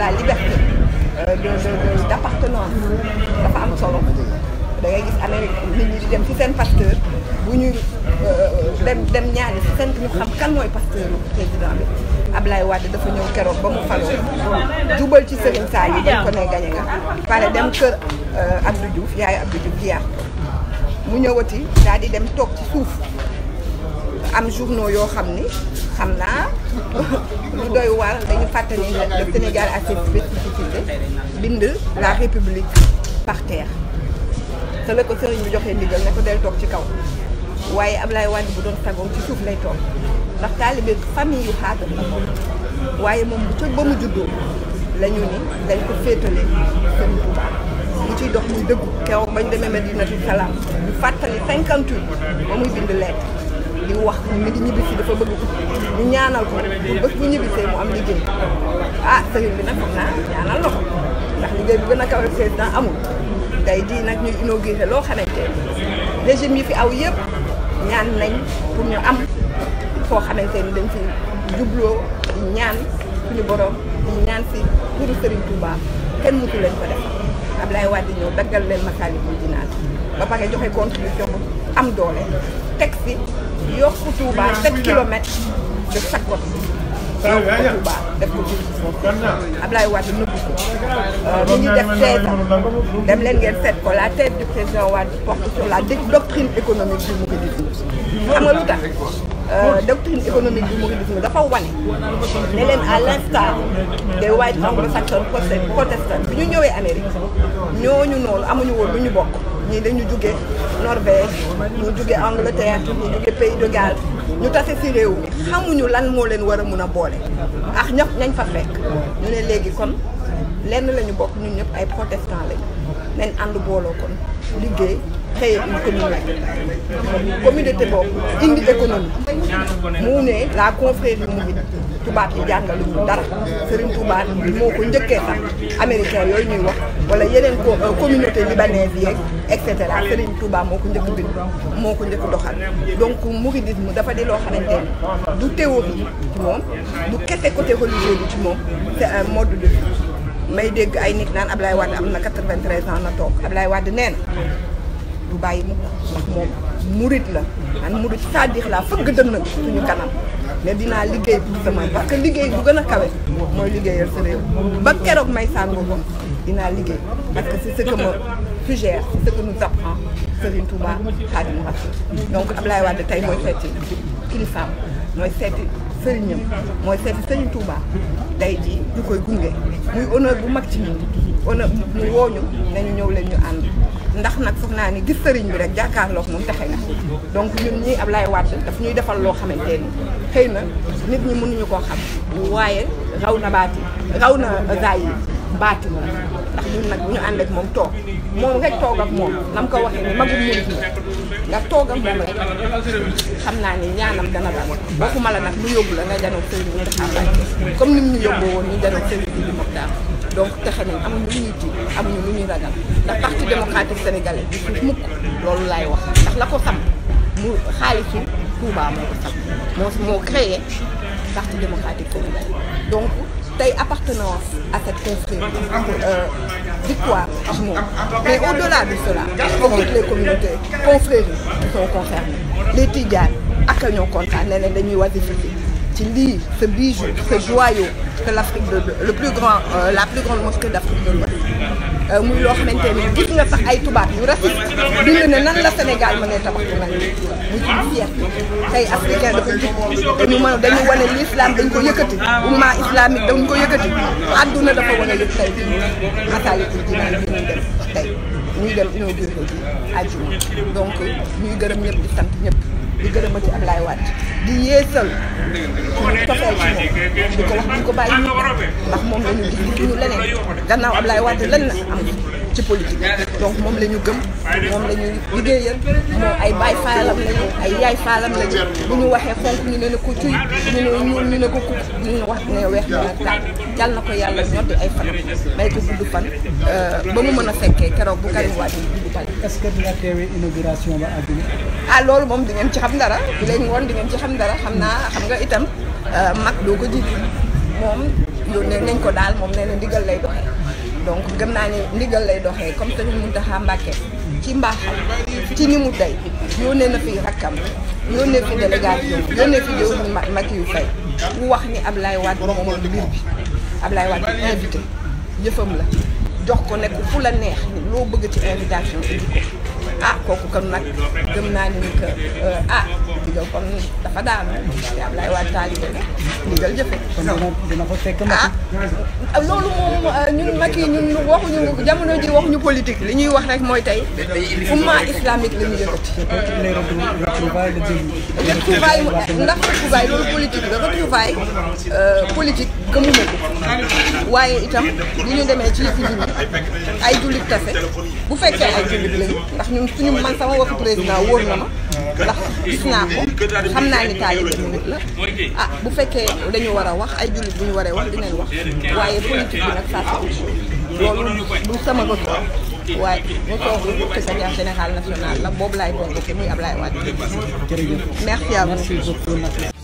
la liberté euh, de de d'appartenance dafa am solo da ngay gis Amérique nit ñi di dem ci seen pasteur bu ñu euh, dem dem ñaani ci seen ñu xam kan mooy pasteur président bi Ablaye Wade dafa ñëw keroog ba mu faloo jubal ci Serigne Sall yi dañ ko ne gañe nga pare dem kër euh, Abdou juuf yaay Abdou Diouf jiyaar mu ñëwati daal di dem toog ci suuf am journaux yoo xam ni xam naa lu doy waar dañu fàttali ne le Sénégal a bind la République par terre te la ko sëriñ bi joxee ndigal ne ko del toog ci kaw waaye Ablaye Wade bu doon sagoom ci suuf lay toog ndax taalibe famille yu xaatal la waaye moom bu ca ba mu juddoo la ñu ni dañ ko féetale sëriñ Touba mu ciy dox muy dëggu keroog bañ demee Medinatu Salaam ñu fàttali cinquante ba muy bind lettre di wax mi ngi ñibbi si dafa bëgg ñu ñaanal ko bés bu ñibbisee mu am liggéey ah sëriñ bi nag foog naa ñaanal loxo ko ndax liggéey bi gën a kawe président amul tey jii nag ñu inauguré loo xamante régime yi fi aw yëpp ñaan nañ pour ñu am foo xamante ni dañ fi jubloo di ñaan suñu borom di ñaan si turu Serigne Touba kenn mutu leen ko def Ablaye Wade ñëw daggal leen Massalikul Jinaan ba pare joxe contribution am doole teg fi yokku Touba 7 kilomètres de chaque côté yokku Touba def ko jur Ablaye Wade nëbbu ko li euh, euh, ñu def seetam dem leen ngeen seet ko la tête du président Wade porte sur la doctrine économique du mouridisme xam nga lu tax euh, doctrine économique du mouridisme dafa wane ne leen à l'instar des white anglo-saxons protestants bi ñu ñëwee Amérique ñooñu noonu amuñu woon lu ñu bokk ñi dañu jugee Norvège ñu jugee Angleterre ñu jugee Pays de Galles ñu tase ci réew mi xamuñu lan moo leen war a mun a boole ak ñëpp nañ fa fekk ñu ne léegi kon lenn lañu bokk ñu ñëpp ay protestant lañu nañ ànd booloo kon liggéey xëye une commune la communauté boobu indi économie mu ne la confrérie mouride tubaab yi jàngaluñu dara Serigne Touba moo ko njëkkee sax américain yooyu ñuy wax wala yeneen ko euh, communauté libanaise yeeg et cetera Serigne Touba moo ko njëkk bind moo ko njëkk doxal donc mu dafa di loo xamante du théorie ci moom du kese côté religieux ci moom c'est un mode may dégg ay nit naan ab Ablaye Wade am na 93 ans na toog Ablaye Wade nee na du bàyyi mukk ndax moom murit la man murit c'est-à-dire la fëgg dënn suñu kanam ne dinaa liggéey pour sama parce que liggéey bu gën a kawe mooy liggéeyal sa réew ba keroog may sàngo ko dinaa liggéey parce que c'est ce que ma suggère c'est ce que nous apprend Serigne Touba Khadim Rasoul mooy seeti kilifaam mooy seeti sëriñam mooy seeti Serigne Touba tey jii ñu koy gunge muy honneur bu mag ci ñun honneur muy wooñu nañu ñëw leen ñu ànd ndax nag foog naa ni gis sëriñ bi rek jàkkaarloog moom texe na donc ñun ñii Ablaye Wade dafa ñuy defal loo xamante ni xëy na nit ñi mënuñu koo xam waaye raw na baati raw na gaay yi baati moom ndax ñun nag bu ñu ànd moom toog moom moom ko waxee ni magum murit na nga toog ak moom rek xam naa ni ñaanam dana dal waxuma la nag mu yóbbu la nga janoog sëriñ bi ndax comme ni ñu yóbboo woon ñu janoog sëriñ bi di Mokhtar donc texe nañ amuñu lu ñuy tiit na lu ñuy ragal ndax parti démocratique sénégalais bi suuf mukk loolu laay wax ndax la ko samp mu xaalisu Touba moo ko samp moo moo créé parti démocratique sénégalais donc tey appartenance à cette confrérie euh, victoire ci moom mais au-delà de cela toutes les communautés confréries sont concernées les Tidianes ak ñoo kontaan ne leen dañuy wasifier qui lie ce bijou, ce joyau que l'Afrique plus grand euh, la plus grande mosquée d'Afrique de l'Ouest euh, muy loo xamante ni gis nga sax ay tubaab yu raciste bind ne nan la Sénégal mën a tabax mel mu ci fierté tey africain dafa jub dañu mën dañu wane l'islam dañ ko yëkkati umma islamique dañ ko yëkkati adduna dafa wane yëpp tey fii Massalikul Jinaan bi ñuy dem tey ñuy dem inauguré ji àjjuma donc ñuy gërëm ñëpp di sant ñëpp di gërëm a ci Ablaye Wade di yeesal suñu tofeel ci moom di ko wax duñ ko bàyyi ndax moom la ñu gis ñu leneen gannaaw Ablaye Wade lan la am ci politique donc moom lañu ñu gëm moom la ñuy liggéeyal moom ay baay faalam lañu ay yaay faalam lañu bu ñu waxee xonk ne ko cuy ñu ne ñuul ñu ne ko ku ñu ne wax ne weex ñu ne tànn yàlla na ko yàlla ñoddi ay fanam may ko gudd fan euh, ba mu mën a fekkee keroog bu Karim Wade di dugg pale est-ce que teewee inauguration ah loolu moom di ngeen ci xam dara bu leen woon di ngeen ci xam dara xam naa xam nga itam euh, mag doo ko jiitu moom yónnee nañ ko daal moom nee na ndigal lay doxee donc gën naa ne ndigal lay doxee comme que ñun Mountakha Mbacké ci mbaaxam ci ni mu tey yónnee na fi rakkam yónnee fi délégation yónnee fi jëw mag yu fay ku wax ni Ablaye Wade moomoon mbir bi Ablaye Wade invité yëfam la jox ko nekk fu la neex loo bëgg ci invitation indi ko ah kooku kon nag gëm naa ni que euh, ah ndigal kon dafa daanu te Ablaye Wade taalibe la ndigal jëfe kon dina ko fekk ah, ah loolu moom euh, ñun mag yi ñun waxuñu jamono ji waxuñu politique li ñuy wax rek mooy tey umma islamique la ñu yëkkati retrouvaille ndax retrouvaille loolu politique la retrouvaille euh, politique gëmuma ko waaye itam li ñu demee ci yëfi ay jullit tafe bu fekkee ay jullit lañu ndax ñun suñu man sama waxu président wóor na ma ndax gis naa ko xam naa ni taalibe nit la ah bu fekkee dañu war a wax ay jullit bu ñu waree wax dinañ wax waaye politique bi saa si loolu du sama ko waaye mu toog lu ci secrétaire général national la boobu laay tontu ci muy Ablaye Wade. jërëjëf merci à vous.